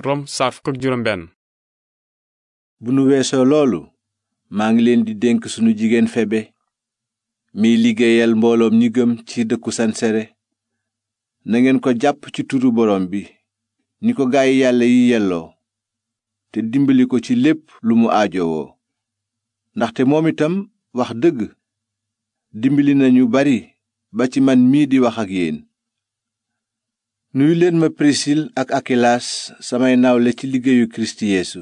rom saar bu nu weesoo loolu maa ngi leen di dénk sunu jigéen febe miy liggéeyal mbooloom ñi gëm ci dëkku sansere nangeen ko jàpp ci tuutu borom bi ni ko gaay yàlla yi yelloo te dimbali ko ci lépp lu mu aajowoo ndaxte moom itam wax dëgg dimbali nañu bari ba ci man mii di wax ak yéen nuyu leen ma prisil ak akilaas samay nawle ci liggéeyu kiristu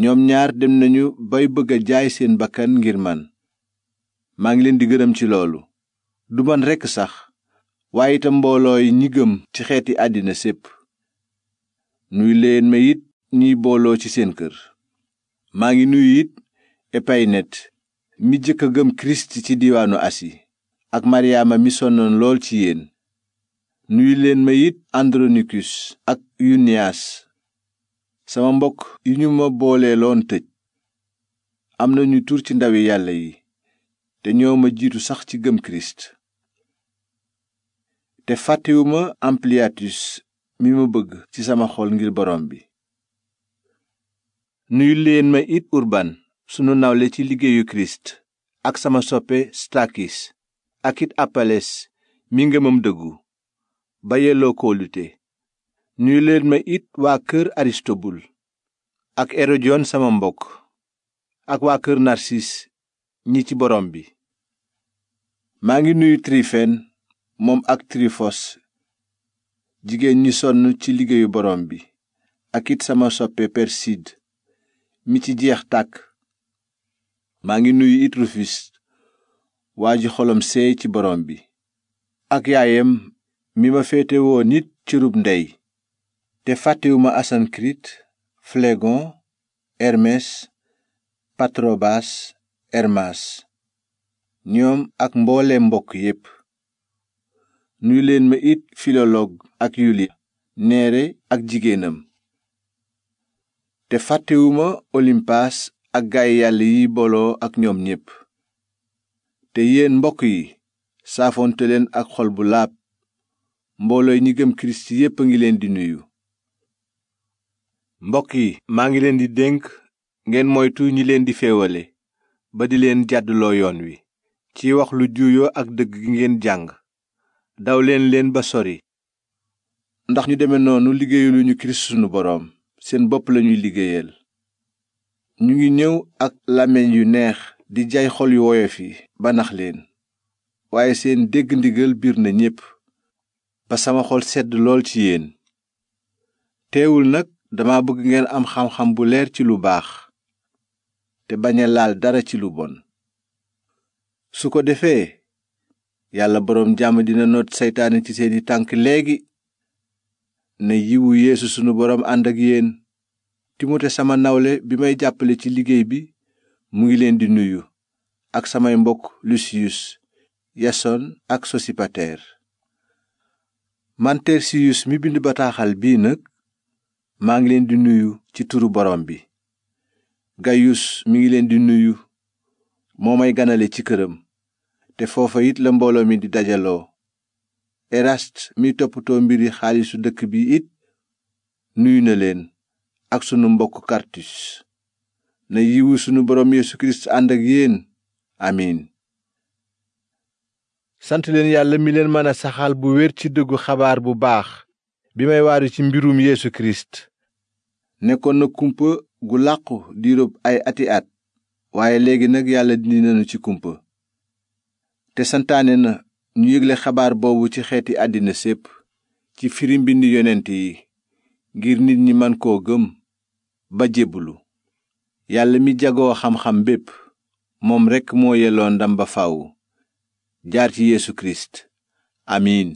ñoom ñaar dem nañu bay bëgg a jaay seen bakkan ngir man maa ngi leen di gërëm ci loolu du man rekk sax waaye itam mboolooy ñi gëm ci xeeti àddina sépp nuyu leen ma it ñiy booloo ci seen kër maa ngi nuyu it epaynet mi jëkk a gëm kirist ci diwaanu asi ak maryaama mi sonnoon lool ci yéen nuyu leen ma it andronikus ak yuniyaas sama mbokk yi ñu ma booleeloon tëj am na ñu tur ci ndawi yàlla yi te ñoo ma jiitu sax ci gëm kirist te fàttewuma ampliatus mi ma bëgg ci sama xol ngir borom bi nuyu leen ma it urban sunu nawle ci liggéeyu kirist ak sama soppe stakis ak it apales mi ngëmam dëggu ba yelloo kóolute nuyu leen ma it waa kër aristobul ak erodiyon sama mbokk ak waa kër narsis ñi ci borom bi maa ngi nuyu tirifen moom ak tirifos jigéen ñi sonn ci liggéeyu borom bi ak it sama soppe persid mi ci jeex tàkk maa ngi nuyu it rufis waa ji xolom seey ci borom bi ak yaayam mi ma féetewoo nit cërub ndey te fàttewuma asankrit flegon hermes patrobaas hermas ñoom ak mbooleem mbokk yépp nuyu leen ma it filolog ak yuliya neere ak jigéenam te fàttewuma olimpaas ak gaay yàlla yi booloo ak ñoom ñépp te yéen mbokk yi saafonte leen ak xol bu laab mboolooy ñi gëm kirist yépp a ngi leen di nuyu mbokk yi maa ngi leen di dénk ngeen moytu ñi leen di féewale ba di leen jàdduloo yoon wi ci wax lu juuyoo ak dëgg gi ngeen jàng daw leen leen ba sori ndax ñu deme noonu liggéeyaluñu kirist sunu boroom seen bopp lañuy liggéeyal ñu ngi ñëw ak làmmiñ yu neex di jaay xol yu woyof yi ba nax leen waaye seen dégg ndigal biir na ñépp ba sama xol sedd lool ci yéen teewul nag dama bëgg ngeen am xam-xam bu leer ci lu baax te bañ a laal dara ci lu bon su ko defee yàlla boroom jàmm dina noot seytaane ci seeni tànk léegi ne yiwu yéesu sunu boroom ànd ak yéen timote sama nawle bi may jàppale ci liggéey bi mu ngi leen di nuyu ak samay mbokk lusiyus yason ak sosipater man tersiyus mi bind bataaxal bii nag maa ngi leen di nuyu ci turu borom bi gayus mi ngi leen di nuyu moo may ganale ci këram te foofa it la mbooloo mi di dajaloo erast mi toppatoo mbiri xaalisu dëkk bi it nuyu na leen ak sunu mbokk kartus na yiwu sunu borom yeesu kirist ànd ak yéen amiin sant leen yàlla mi leen mën a saxal bu wér ci dëggu xabaar bu baax bi may waaru ci mbirum Yeesu Kirist nekkoon na kumpa gu làqu diirub ay ati at waaye léegi nag yàlla dindi nañu ci kumpa te santaane na ñu yégle xabaar boobu ci xeeti àddina sépp ci firim bi mbind yonent yi ngir nit ñi man koo gëm ba jébbulu yàlla mi jagoo xam-xam bépp moom rekk moo yelloo ndam ba faw njaar ci Yeesu Kirist amiin